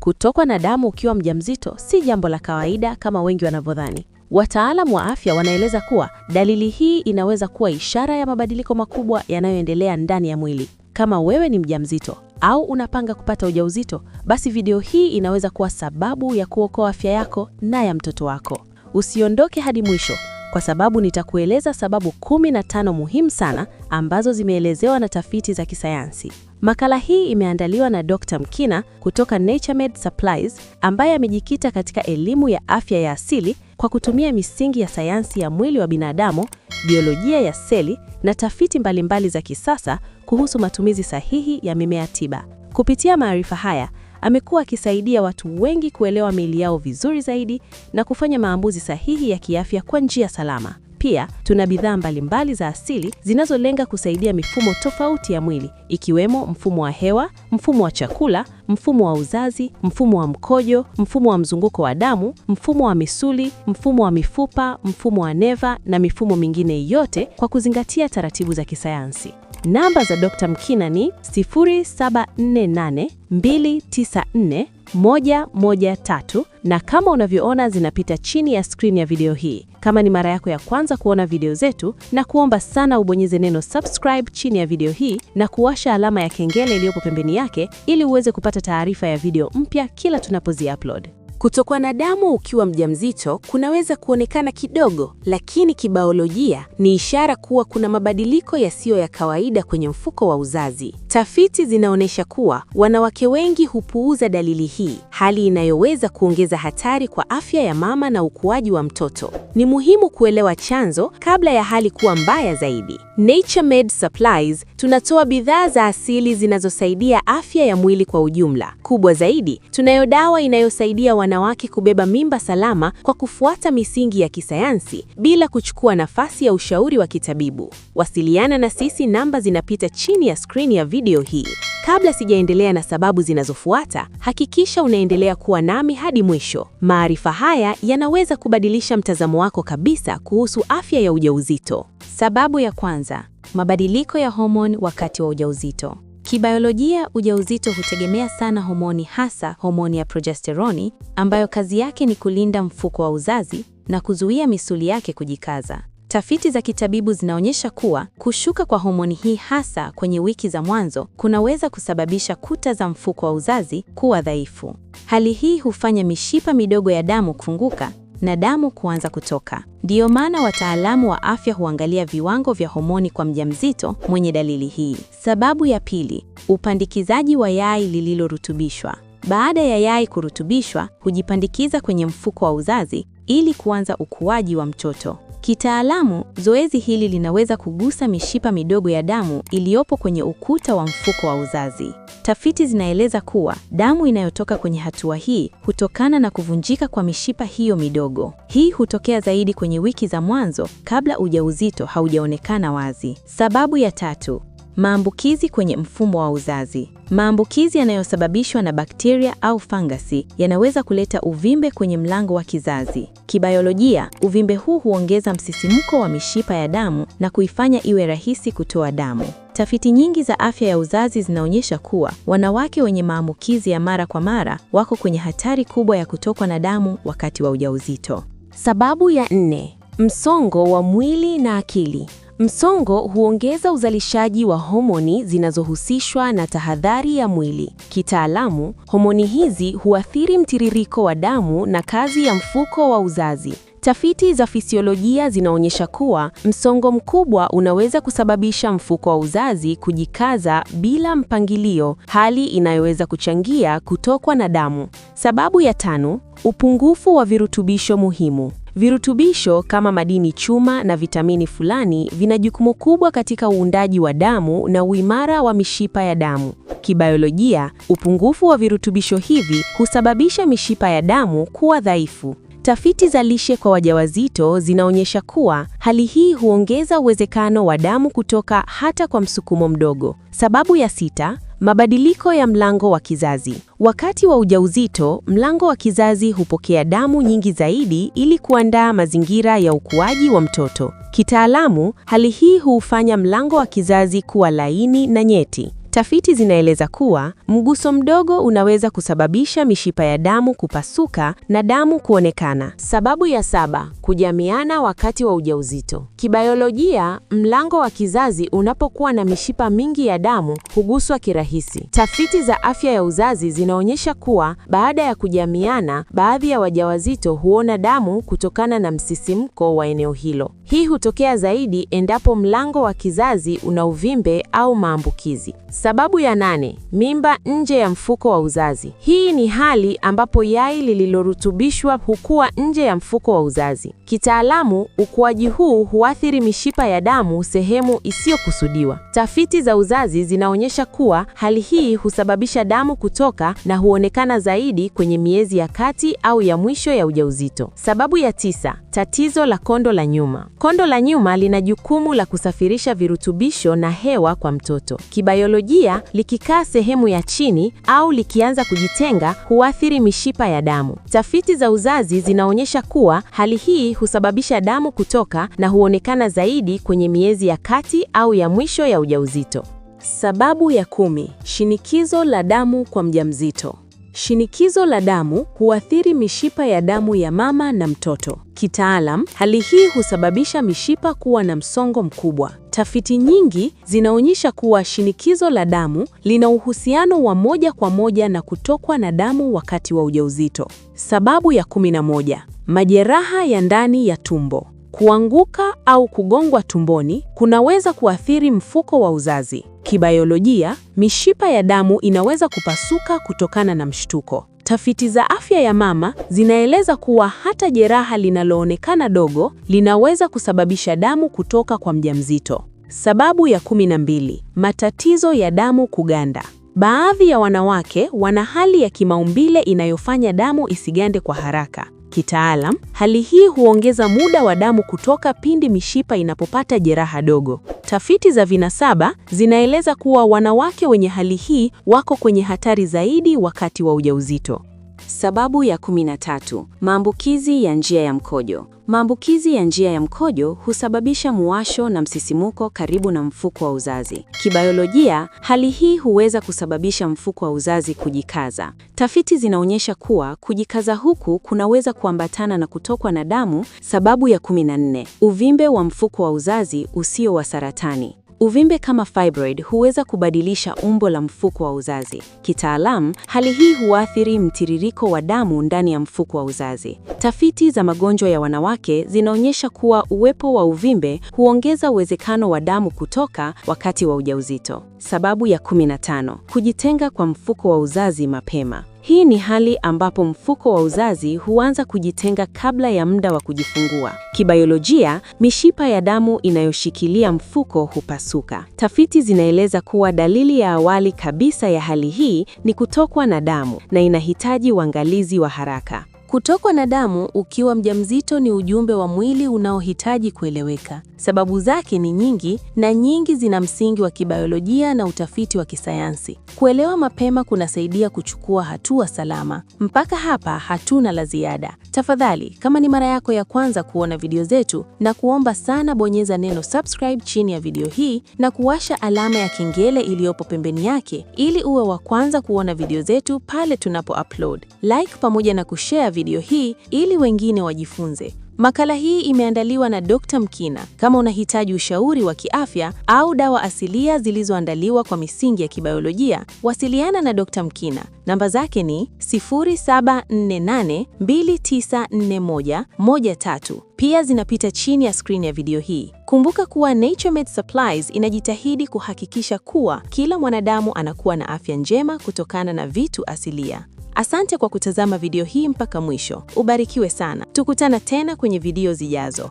Kutokwa na damu ukiwa mjamzito si jambo la kawaida kama wengi wanavyodhani. Wataalamu wa afya wanaeleza kuwa dalili hii inaweza kuwa ishara ya mabadiliko makubwa yanayoendelea ndani ya mwili. Kama wewe ni mjamzito au unapanga kupata ujauzito, basi video hii inaweza kuwa sababu ya kuokoa afya yako na ya mtoto wako. Usiondoke hadi mwisho kwa sababu nitakueleza sababu 15 muhimu sana ambazo zimeelezewa na tafiti za kisayansi. Makala hii imeandaliwa na Dr. Mkina kutoka Naturemed Supplies ambaye amejikita katika elimu ya afya ya asili kwa kutumia misingi ya sayansi ya mwili wa binadamu, biolojia ya seli na tafiti mbalimbali za kisasa kuhusu matumizi sahihi ya mimea tiba. Kupitia maarifa haya amekuwa akisaidia watu wengi kuelewa miili yao vizuri zaidi na kufanya maamuzi sahihi ya kiafya kwa njia salama. Pia tuna bidhaa mbalimbali za asili zinazolenga kusaidia mifumo tofauti ya mwili ikiwemo mfumo wa hewa, mfumo wa chakula, mfumo wa uzazi, mfumo wa mkojo, mfumo wa mzunguko wa damu, mfumo wa misuli, mfumo wa mifupa, mfumo wa neva na mifumo mingine yote kwa kuzingatia taratibu za kisayansi. Namba za Dr. Mkina ni tatu, na kama unavyoona zinapita chini ya skrini ya video hii. Kama ni mara yako ya kwanza kuona video zetu, na kuomba sana ubonyeze neno subscribe chini ya video hii na kuwasha alama ya kengele iliyopo pembeni yake ili uweze kupata taarifa ya video mpya kila tunapozi upload. Kutokwa na damu ukiwa mjamzito kunaweza kuonekana kidogo, lakini kibaolojia ni ishara kuwa kuna mabadiliko yasiyo ya kawaida kwenye mfuko wa uzazi. Tafiti zinaonyesha kuwa wanawake wengi hupuuza dalili hii, hali inayoweza kuongeza hatari kwa afya ya mama na ukuaji wa mtoto. Ni muhimu kuelewa chanzo kabla ya hali kuwa mbaya zaidi. Naturemed Supplies tunatoa bidhaa za asili zinazosaidia afya ya mwili kwa ujumla. Kubwa zaidi, tunayo dawa inayosaidia wanawake kubeba mimba salama kwa kufuata misingi ya kisayansi bila kuchukua nafasi ya ushauri wa kitabibu. Wasiliana na sisi, namba zinapita chini ya skrini ya video hii. Kabla sijaendelea na sababu zinazofuata, hakikisha unaendelea kuwa nami hadi mwisho. Maarifa haya yanaweza kubadilisha mtazamo wako kabisa kuhusu afya ya ujauzito. Sababu ya kwanza, mabadiliko ya homoni wakati wa ujauzito. Kibiolojia, ujauzito hutegemea sana homoni, hasa homoni ya progesteroni ambayo kazi yake ni kulinda mfuko wa uzazi na kuzuia misuli yake kujikaza. Tafiti za kitabibu zinaonyesha kuwa kushuka kwa homoni hii hasa kwenye wiki za mwanzo kunaweza kusababisha kuta za mfuko wa uzazi kuwa dhaifu. Hali hii hufanya mishipa midogo ya damu kufunguka na damu kuanza kutoka. Ndiyo maana wataalamu wa afya huangalia viwango vya homoni kwa mjamzito mwenye dalili hii. Sababu ya pili, upandikizaji wa yai lililorutubishwa. Baada ya yai kurutubishwa, hujipandikiza kwenye mfuko wa uzazi ili kuanza ukuaji wa mtoto. Kitaalamu, zoezi hili linaweza kugusa mishipa midogo ya damu iliyopo kwenye ukuta wa mfuko wa uzazi. Tafiti zinaeleza kuwa damu inayotoka kwenye hatua hii hutokana na kuvunjika kwa mishipa hiyo midogo. Hii hutokea zaidi kwenye wiki za mwanzo kabla ujauzito haujaonekana wazi. Sababu ya tatu, Maambukizi kwenye mfumo wa uzazi. Maambukizi yanayosababishwa na bakteria au fangasi yanaweza kuleta uvimbe kwenye mlango wa kizazi. Kibayolojia, uvimbe huu huongeza msisimko wa mishipa ya damu na kuifanya iwe rahisi kutoa damu. Tafiti nyingi za afya ya uzazi zinaonyesha kuwa wanawake wenye maambukizi ya mara kwa mara wako kwenye hatari kubwa ya kutokwa na damu wakati wa ujauzito. Sababu ya nne, msongo wa mwili na akili. Msongo huongeza uzalishaji wa homoni zinazohusishwa na tahadhari ya mwili. Kitaalamu, homoni hizi huathiri mtiririko wa damu na kazi ya mfuko wa uzazi. Tafiti za fisiolojia zinaonyesha kuwa msongo mkubwa unaweza kusababisha mfuko wa uzazi kujikaza bila mpangilio, hali inayoweza kuchangia kutokwa na damu. Sababu ya tano, upungufu wa virutubisho muhimu. Virutubisho kama madini chuma na vitamini fulani vina jukumu kubwa katika uundaji wa damu na uimara wa mishipa ya damu. Kibiolojia, upungufu wa virutubisho hivi husababisha mishipa ya damu kuwa dhaifu. Tafiti za lishe kwa wajawazito zinaonyesha kuwa hali hii huongeza uwezekano wa damu kutoka hata kwa msukumo mdogo. Sababu ya sita, Mabadiliko ya mlango wa kizazi. Wakati wa ujauzito, mlango wa kizazi hupokea damu nyingi zaidi ili kuandaa mazingira ya ukuaji wa mtoto. Kitaalamu, hali hii huufanya mlango wa kizazi kuwa laini na nyeti. Tafiti zinaeleza kuwa mguso mdogo unaweza kusababisha mishipa ya damu kupasuka na damu kuonekana. Sababu ya saba, kujamiana wakati wa ujauzito. Kibayolojia, mlango wa kizazi unapokuwa na mishipa mingi ya damu huguswa kirahisi. Tafiti za afya ya uzazi zinaonyesha kuwa baada ya kujamiana, baadhi ya wajawazito huona damu kutokana na msisimko wa eneo hilo. Hii hutokea zaidi endapo mlango wa kizazi una uvimbe au maambukizi. Sababu ya nane, mimba nje ya mfuko wa uzazi. Hii ni hali ambapo yai lililorutubishwa hukua nje ya mfuko wa uzazi. Kitaalamu, ukuaji huu huathiri mishipa ya damu sehemu isiyokusudiwa. Tafiti za uzazi zinaonyesha kuwa hali hii husababisha damu kutoka na huonekana zaidi kwenye miezi ya kati au ya mwisho ya ujauzito. Sababu ya tisa, tatizo la kondo la nyuma. Kondo la nyuma lina jukumu la kusafirisha virutubisho na hewa kwa mtoto. Kibayolojia, likikaa sehemu ya chini au likianza kujitenga, huathiri mishipa ya damu. Tafiti za uzazi zinaonyesha kuwa hali hii husababisha damu kutoka na huonekana zaidi kwenye miezi ya kati au ya mwisho ya ujauzito. Sababu ya kumi: shinikizo la damu kwa mjamzito. Shinikizo la damu huathiri mishipa ya damu ya mama na mtoto. Kitaalam, hali hii husababisha mishipa kuwa na msongo mkubwa. Tafiti nyingi zinaonyesha kuwa shinikizo la damu lina uhusiano wa moja kwa moja na kutokwa na damu wakati wa ujauzito. Sababu ya 11: majeraha ya ndani ya tumbo. Kuanguka au kugongwa tumboni kunaweza kuathiri mfuko wa uzazi. Kibayolojia, mishipa ya damu inaweza kupasuka kutokana na mshtuko. Tafiti za afya ya mama zinaeleza kuwa hata jeraha linaloonekana dogo linaweza kusababisha damu kutoka kwa mjamzito. Sababu ya kumi na mbili: matatizo ya damu kuganda. Baadhi ya wanawake wana hali ya kimaumbile inayofanya damu isigande kwa haraka. Kitaalam, hali hii huongeza muda wa damu kutoka pindi mishipa inapopata jeraha dogo. Tafiti za vinasaba zinaeleza kuwa wanawake wenye hali hii wako kwenye hatari zaidi wakati wa ujauzito. Sababu ya 13: maambukizi ya njia ya mkojo. Maambukizi ya njia ya mkojo husababisha muwasho na msisimuko karibu na mfuko wa uzazi. Kibiolojia, hali hii huweza kusababisha mfuko wa uzazi kujikaza. Tafiti zinaonyesha kuwa kujikaza huku kunaweza kuambatana na kutokwa na damu. Sababu ya 14: uvimbe wa mfuko wa uzazi usio wa saratani. Uvimbe kama fibroid huweza kubadilisha umbo la mfuko wa uzazi. Kitaalamu, hali hii huathiri mtiririko wa damu ndani ya mfuko wa uzazi. Tafiti za magonjwa ya wanawake zinaonyesha kuwa uwepo wa uvimbe huongeza uwezekano wa damu kutoka wakati wa ujauzito. Sababu ya 15: kujitenga kwa mfuko wa uzazi mapema. Hii ni hali ambapo mfuko wa uzazi huanza kujitenga kabla ya muda wa kujifungua. Kibayolojia, mishipa ya damu inayoshikilia mfuko hupasuka. Tafiti zinaeleza kuwa dalili ya awali kabisa ya hali hii ni kutokwa na damu na inahitaji uangalizi wa haraka. Kutokwa na damu ukiwa mjamzito ni ujumbe wa mwili unaohitaji kueleweka. Sababu zake ni nyingi na nyingi zina msingi wa kibiolojia na utafiti wa kisayansi. Kuelewa mapema kunasaidia kuchukua hatua salama. Mpaka hapa hatuna la ziada. Tafadhali, kama ni mara yako ya kwanza kuona video zetu, na kuomba sana bonyeza neno subscribe chini ya video hii na kuwasha alama ya kengele iliyopo pembeni yake ili uwe wa kwanza kuona video zetu pale tunapo upload. Like pamoja na kushare video hii ili wengine wajifunze. Makala hii imeandaliwa na Dr. Mkina. Kama unahitaji ushauri wa kiafya au dawa asilia zilizoandaliwa kwa misingi ya kibiolojia, wasiliana na Dr. Mkina. Namba zake ni 0748294113. Pia zinapita chini ya skrini ya video hii. Kumbuka kuwa Naturemed Supplies inajitahidi kuhakikisha kuwa kila mwanadamu anakuwa na afya njema kutokana na vitu asilia. Asante kwa kutazama video hii mpaka mwisho. Ubarikiwe sana. Tukutana tena kwenye video zijazo.